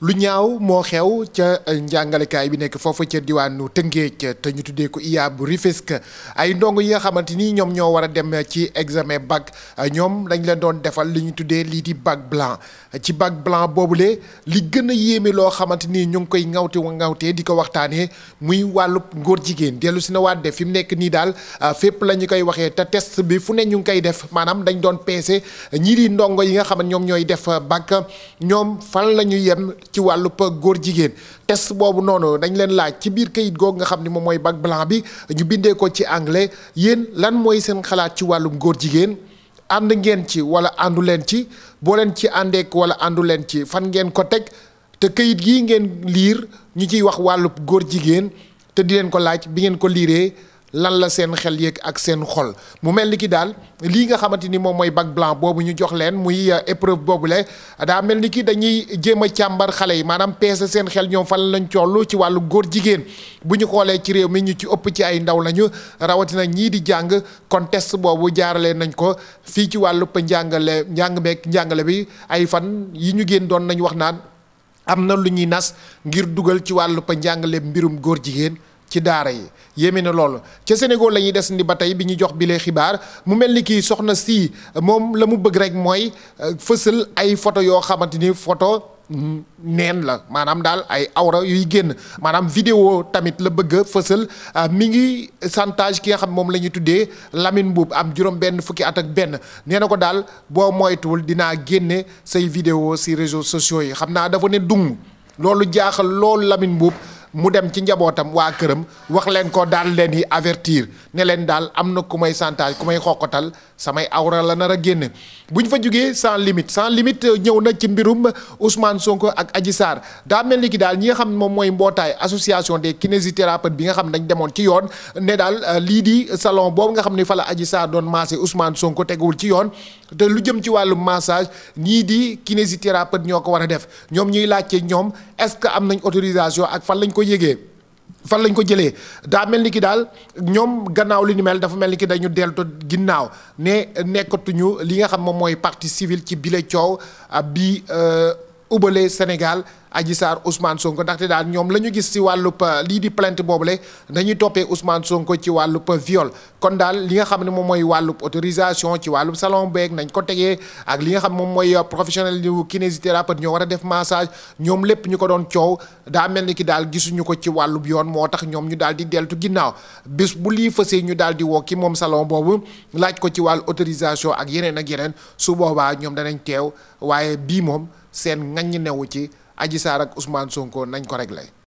lu ñaaw moo xew ca eh, njàngalekaay bi nekk foofu ca diwaanu Tëngéej te ñu tuddee ko IA bu Rufisque ay ndongo yi nga xamante ni ñoom ñoo war a dem ci examen bac eh, ñoom dañ leen doon defal li ñu tuddee lii di bac blanc ci bac blanc boobule li gën a yéeme loo xamante ni ñu ngi koy ŋawte ŋawtee di ko waxtaanee muy wàllu ngóor jigéen dellu si na waat de fi mu nekk nii daal eh, fépp la koy waxee te test bi fu ne ñu ngi koy def maanaam dañ doon peese ñii di ndongo yi nga xam ñoom ñooy def bac ñoom fan la ñu yem. ci wàllu góor jigéen test boobu noonu dañ leen laaj ci biir kayit googu nga xam ni moom mooy bac blanc bi ñu bindee ko ci anglais yéen lan mooy seen xalaat ci wàllum góor jigéen ànd ngeen ci wala àndu leen ci boo leen ci àndeek wala àndu leen ci fan ngeen ko teg te kayit gii ngeen liir ñu ciy wax wàllu góor jigéen te di leen ko laaj bi ngeen ko liiree lan la seen xel yéeg ak seen xol mu mel ni ki daal lii nga xamante ni moom mooy bag blanc boobu ñu jox leen muy euh, épreuve boobule daa mel ni ki dañuy jéem a càmbar xale yi maanaam peese seen xel ñoom fan lañ toll ci wàllu góor jigéen bu ñu xoolee ci réew mi ñu ci ëpp ci ay ndaw lañu rawatina ñii di jàng kon test boobu jaarale nañ ko fii ci wàllu njàngale njàng meeg njàngale bi ay fan yi ñu génn doon nañ wax naan am na lu ñuy nas ngir dugal ci wàllu njàngale mbirum góor jigéen. ci daara yi yéeme na loolu ca Sénégal la ñuy des ni ba tey bi ñu jox bi bile xibaar mu mel ni kii soxna sii euh, moom la mu bëgg rek mooy euh, fësal ay photo yoo xamante ni photo neen la maanaam daal ay awra yuy génn maanaam vidéo tamit la bëgg a fësal euh, mi ngi chantage ki nga xam moom la ñuy tuddee lamin Mbuub am juróom benn fukki at ak benn nee na ko daal boo moytuwul dinaa génne say vidéo si réseau sociaux yi xam naa dafa ne dung loolu jaaxal loolu Lamine Mbuub mu dem ci njabootam waa këram wax leen ko daal leen yi avertir ne leen daal am na ku may chantage ku may xoqatal samay awra la nar a génne bu ñu fa jógee sans limite sans limite euh, ñëw na ci mbirum Ousmane Sonko ak aji saar daa mel ni ki daal ñi nga xam moom mooy mbootaay association des kinésithérapeutes bi nga xam dañ demoon ci yoon ne daal euh, lii di salon boobu nga xam ne fa la Adji Sarr doon maasé Ousmane Sonko teguwul ci yoon te lu jëm ci wàllu massage ñii di kinésithérapeute ñoo ko war a def ñoom ñuy laajte ñoom est-ce que am nañ autorisation ak fan lañ ko yëgee fan lañ ko jëlee daa mel ni ki daal ñoom gannaaw li ni mel dafa mel ni ki dañu delto ginnaaw ne nekkatuñu li nga xam moom mooy partie civile ci bile coow ah, bi euh, ubalee Sénégal Adji Sarr Ousmane Sonko ndaxte daal ñoom la ñu gis si wàllub euh, lii di plainte boobule dañuy toppee usmaan Sonko ci wàllu wàllub viol kon daal li nga xam ne moom mooy wàllu autorisation ci wàllu salon beeg nañ ko tegee ak li nga xam moom mooy euh, professionnel yu kinésithérapeute ñoo war a def massage ñoom lépp ñu ko doon coow daa mel ni ki daal gisuñu ko ci wàllub yoon moo tax ñoom ñu daal di deltu ginnaaw bis bu lii fësee ñu daal di woo ki moom salon boobu laaj ko ci wàllu autorisation ak yeneen ak yeneen su boobaa ñoom danañ teew waaye bii moom seen ngañ newu ci aji Sarr ak Ousmane Sonko nañu ko réglé.